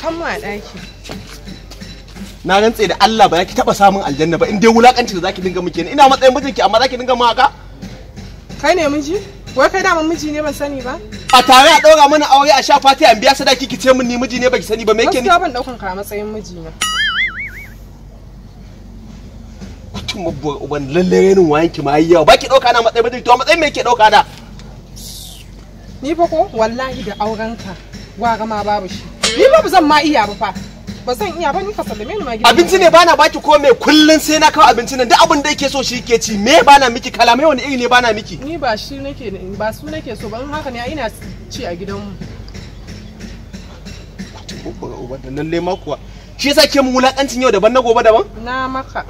Kan ma ɗaki. Na rantse da Allah ba za ki taɓa samun aljanna ba in dai wulaƙanci da za ki dinga miki ina matsayin mijinki amma za ki dinga mun haka? Kai ne miji? Wai kai daman miji ne ban sani ba? A tare a ɗaura mana aure a sha fati an biya sadaki ki ce min ni miji ne baki sani ba me yake ni? Gaskiya ban daukan ka a matsayin miji ne. Mutum mabbuwar uban lallai renin wayanki ma yayi baki ba ɗauka na matsayin mijinki to matsayin me yake ɗauka da. ni fa ko wallahi da aurenka gwara ma babu shi ni ba zan ma iya ba fa ba zan iya ba ni ka sallame ni ma gida abinci ne bana baki ko me kullun sai na kawo abinci nan duk abin da yake so shi ke ci me bana miki me wani iri ne bana miki ni ba shi nake ba su nake so ba haka ne ina ci a gidanmu lalle ma kuwa shi yasa ke mu wulakancin yau daban na gobe daban na maka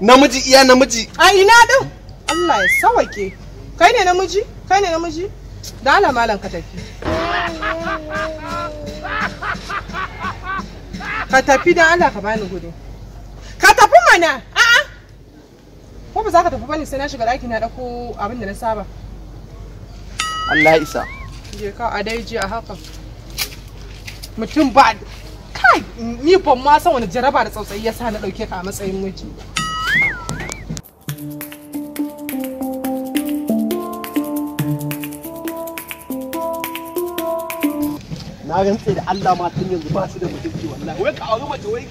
namiji iya namiji a ina din Allah ya sawake kai ne namiji kai ne namiji Dala malam ka tafi. Ka tafi don Allah ka bani gudu. Ka tafi mana! A'a! Ko ba za ka tafi bane sai na shiga ɗaki na ɗauko abin da na saba. Allah isa. Je ka a daiji a haka. Mutum ba kai ni ban ma san wani jaraba da tsautsayi yasa na ɗauke ka a matsayin miji. na rantse da Allah ma tun yanzu ba su da mutunci wallahi wai ka auri mace wai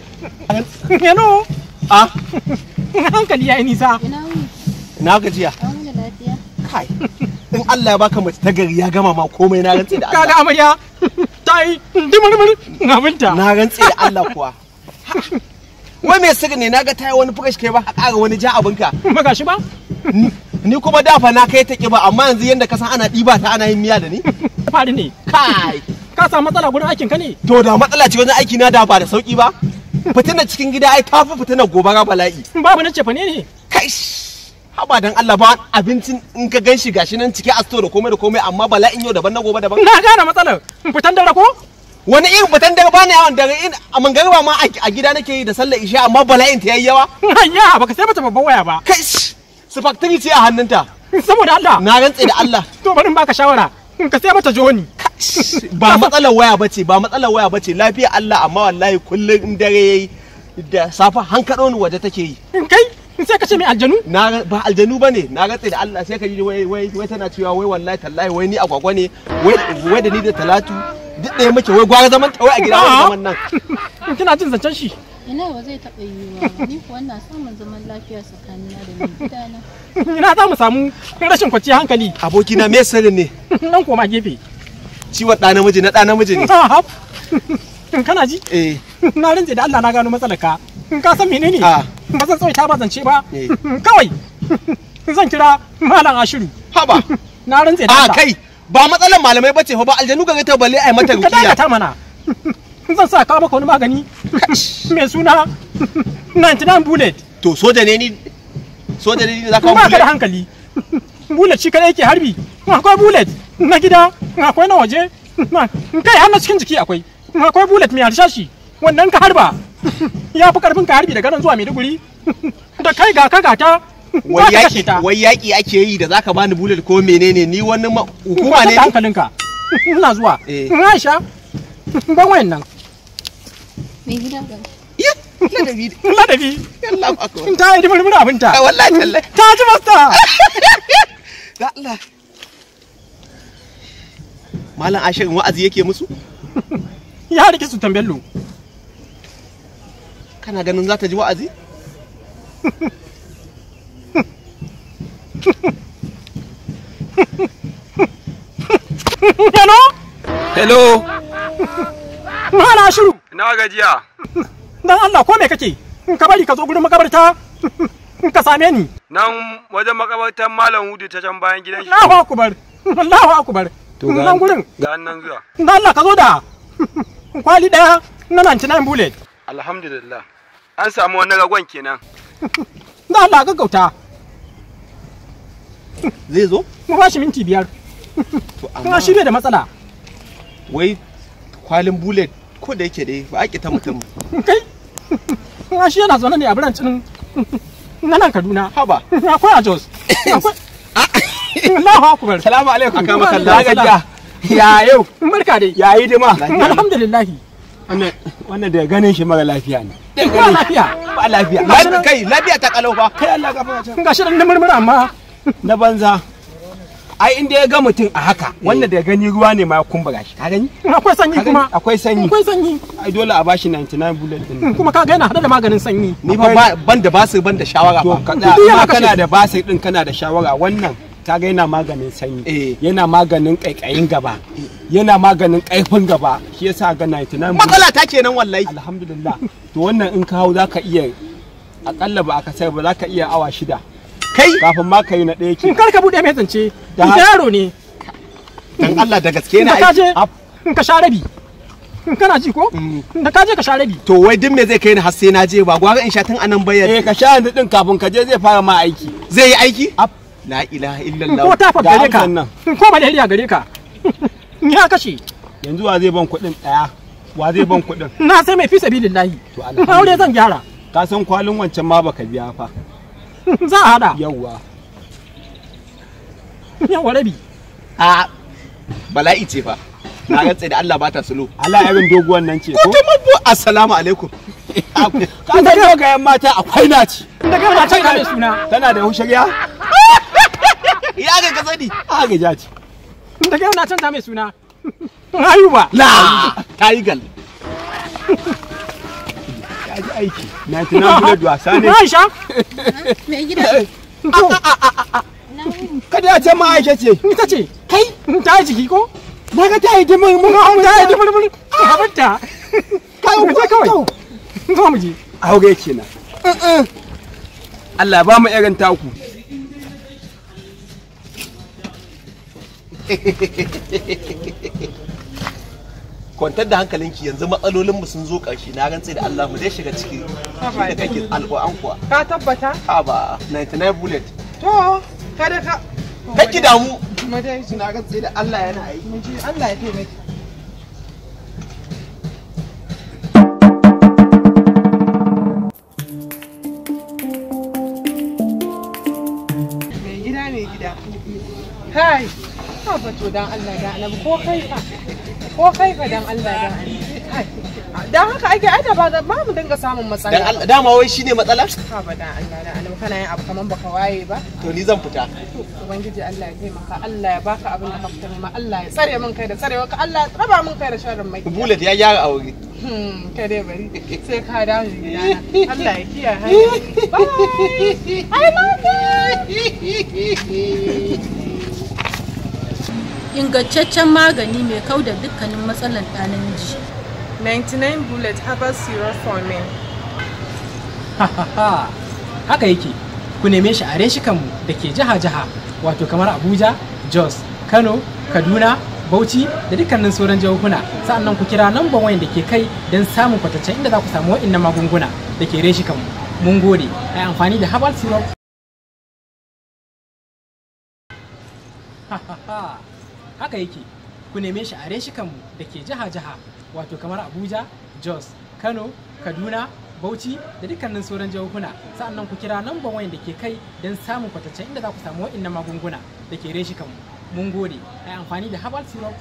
yano a ah. hankali ya yi nisa na gajiya kai in Allah ya baka mace ta gari ya gama ma komai na rantse da Allah kaga amarya ta yi dimurmur na binta na rantse da Allah kuwa wai me sirri ne na ga ta yi wani fukash kai ba a ƙara wani ja abinka ba ga ba ni kuma dafa na kai ta ƙiba amma yanzu yadda ka san ana ɗiba ta ana yin miya da ni fari ne kai ka samu matsala gurin aikin ka ne to da matsala ce wajen aiki na da ba da sauki ba Fitina cikin gida ai tafi gobe gobara bala'i babu na cefane ne kai haba dan Allah ba abincin in ka shi gashi nan cike a store da komai da komai amma bala'in yau daban na gobe daban na gane matsalar fitan dare ko wani irin fitan dare ba ne yawan dare in a mangariba ma a gida nake yi da sallar isha amma bala'in ta yayi yawa Hayya baka sai mata babban waya ba kai su factory ce a hannunta saboda Allah na rantse da Allah to bari in baka shawara ka sai mata joni ba matsalar waya ba ce ba matsalar waya ba ce lafiya Allah amma wallahi kullum in dare yayi da safa hankado ni waje take yi kai sai ka ce mai aljanu na ba aljanu bane na gatse da Allah sai ka ji wai wai wai tana cewa wai wallahi tallahi wai ni agwagwa ne wai wai da ni da Talatu duk ɗaya muke wai gwara zaman wai a gida wai zaman nan kina jin zancen shi ina ba zai taɓa yiwuwa ni ko na samun zaman lafiya tsakanina da mai gidana ina za mu samu rashin kwanciyar hankali abokina me sirri ne nan koma gefe ciwon ɗa namiji na ɗa namiji ne kana ji eh na rinje da Allah na gano matsalar ka ka san menene ah. ba zan tsawaita ba zance ba eh. kawai zan kira malam ashiru haba na rinje da ah, Allah kai ba matsalar malamai bace fa ba aljanu ga ta balle ai mata rukiya ka dakata mana zan sa ka maka wani magani mai suna 99 bullet to soja ne ni soja ne ni za ka bullet ba ka da hankali bullet shi kadai yake harbi akwai bullet na gida akwai na waje kai har na cikin jiki akwai akwai bullet mai harshashi wannan ka harba ya fi karfin ka harbi daga nan zuwa maiduguri da kai ga kaga ta wai yaƙi ake yi da zaka bani bullet ko menene ni wani hukuma ne hankalinka ina zuwa eh. aisha ban wayan nan ladabi ladabi ta yi dimurmura abinta wallahi ta ji masta da Allah malam ashirin wa'azi yake musu ya rike su tambello kana ganin za ta ji wa'azi hello hello malam shiru na gajiya dan Allah ko me kake ka bari ka zo gurin makabarta ka same ni nan wajen makabartar malam hudu ta can bayan gidan shi Allahu akbar Allahu akbar nan gurin ga nan zuwa da Allah ka zo da kwali daya na 99 bullet alhamdulillah an samu wani ragon kenan da Allah ka gauta zai zo mu ba shi minti biyar kuma shi bai da matsala wai kwalin bullet ko da yake dai ba a kita mutum kai kuma shi yana zaune ne a birancin nan Kaduna haba akwai a Jos akwai ah. Allahu akbar. Salamu alaikum. Aka maka Allah gajiya. Ya yau. Barka dai. Ya yi dima. Alhamdulillah. Wannan da ganin shi mara lafiya ne. Ba lafiya. Ba lafiya. Kai lafiya ta kalau fa. Kai Allah gafa ta. Ga shirin da murmura amma na banza. ai inda ya ga mutum a haka eh. Wannan da gani ruwa ne ma ya kumbura shi ka gani akwai sanyi kuma akwai sanyi akwai sanyi ai dole a bashi 99 bullet din kuma ka ga yana hada da maganin sanyi ni ba ban da basu ban da shawara ba kana da basu din kana da shawara wannan kaga yana maganin sanyi eh. yana maganin kaikayin gaba yana maganin kaifin gaba shi yasa ga 99 matsala ta kenan wallahi alhamdulillah to wannan in kawo zaka iya akalla ba aka sai ba zaka iya awa shida kai kafin ma kai na ɗaya kin kar ka bude mai zance yaro ne dan Allah da gaske na ai ka sha in kana ji ko da mm. ka je ka sha rabi to wai duk me zai kai ni har sai na je ba gwa in sha tun anan bayyana eh ka sha din kafin ka je zai fara ma aiki zai yi aiki la ilaha illallah ko ta fa gare ka ko ba da gare ka ni ya kashi yanzu wa zai ban kuɗin ɗaya wa zai ban kuɗin na sai mai fi sabilillahi to aure zan gyara ka san kwalin wancan ma baka biya fa za a hada yawwa yawwa rabi a bala'i ce fa na rantse da Allah ba ta sulu Allah ya bin doguwan nan ce ko kuma bu assalamu alaikum ka san dogayen mata akwai naci daga mata ta suna tana da hushariya ya ga ka sani a ga jaci daga yau na mai suna ayuba la tiger ya ji aiki na tuna gura gida kada ya ce ma ce ita ce kai ta jiki ko na ga ta yi dimar mun ga ta yi mun ka kai ku kawai zo mu je a hauge kenan Allah ba mu irin taku kwantar da hankalinki yanzu matsalolinmu sun zo ƙarshe na rantse da Allah mu zai shiga ciki shi da kake alƙur'an kuwa ka tabbata ha ba 99 bullet to kada ka kake damu madai na rantse da Allah yana aiki mun ji Allah ya taimake Kai! haka fa to dan Allah da annabi ko kai ko dan Allah da dan haka ake aita ba ba mu dinga samun matsala dan Allah dama wai shine matsala ba dan Allah da kana yin abu kaman baka waye ba to ni zan fita ubangiji Allah ya taimaka Allah ya baka abin da ka fita Allah ya tsare min kai da tsarewa Allah ya raba min kai da sharrin mai bulat ya yara aure hmm, ka dai bari sai ka dawo gidana Allah ya kiyaye bye i love you ingantaccen magani mai kau da dukkanin matsalar ɗanin ji. 99 bullet herbal syrup for men haka yake ku neme shi a reshikanmu da ke jiha-jiha wato kamar abuja jos kano kaduna bauchi da dukkanin sauran jihohuna sa'annan ku kira lambar wayan da ke kai don samun kwataccen inda za ku samu wa'innan magunguna da ke reshikanmu mun gode a amfani da herbal syrup ha ha haka yake ku neme shi a reshikanmu da ke jiha-jiha wato kamar abuja jos kano kaduna bauchi da dukkanin sauran jihohuna sa'annan ku kira lambar wayan da ke kai don samun kwataccen inda za ku samu na magunguna da ke reshikanmu mun gode a amfani da herbal syrup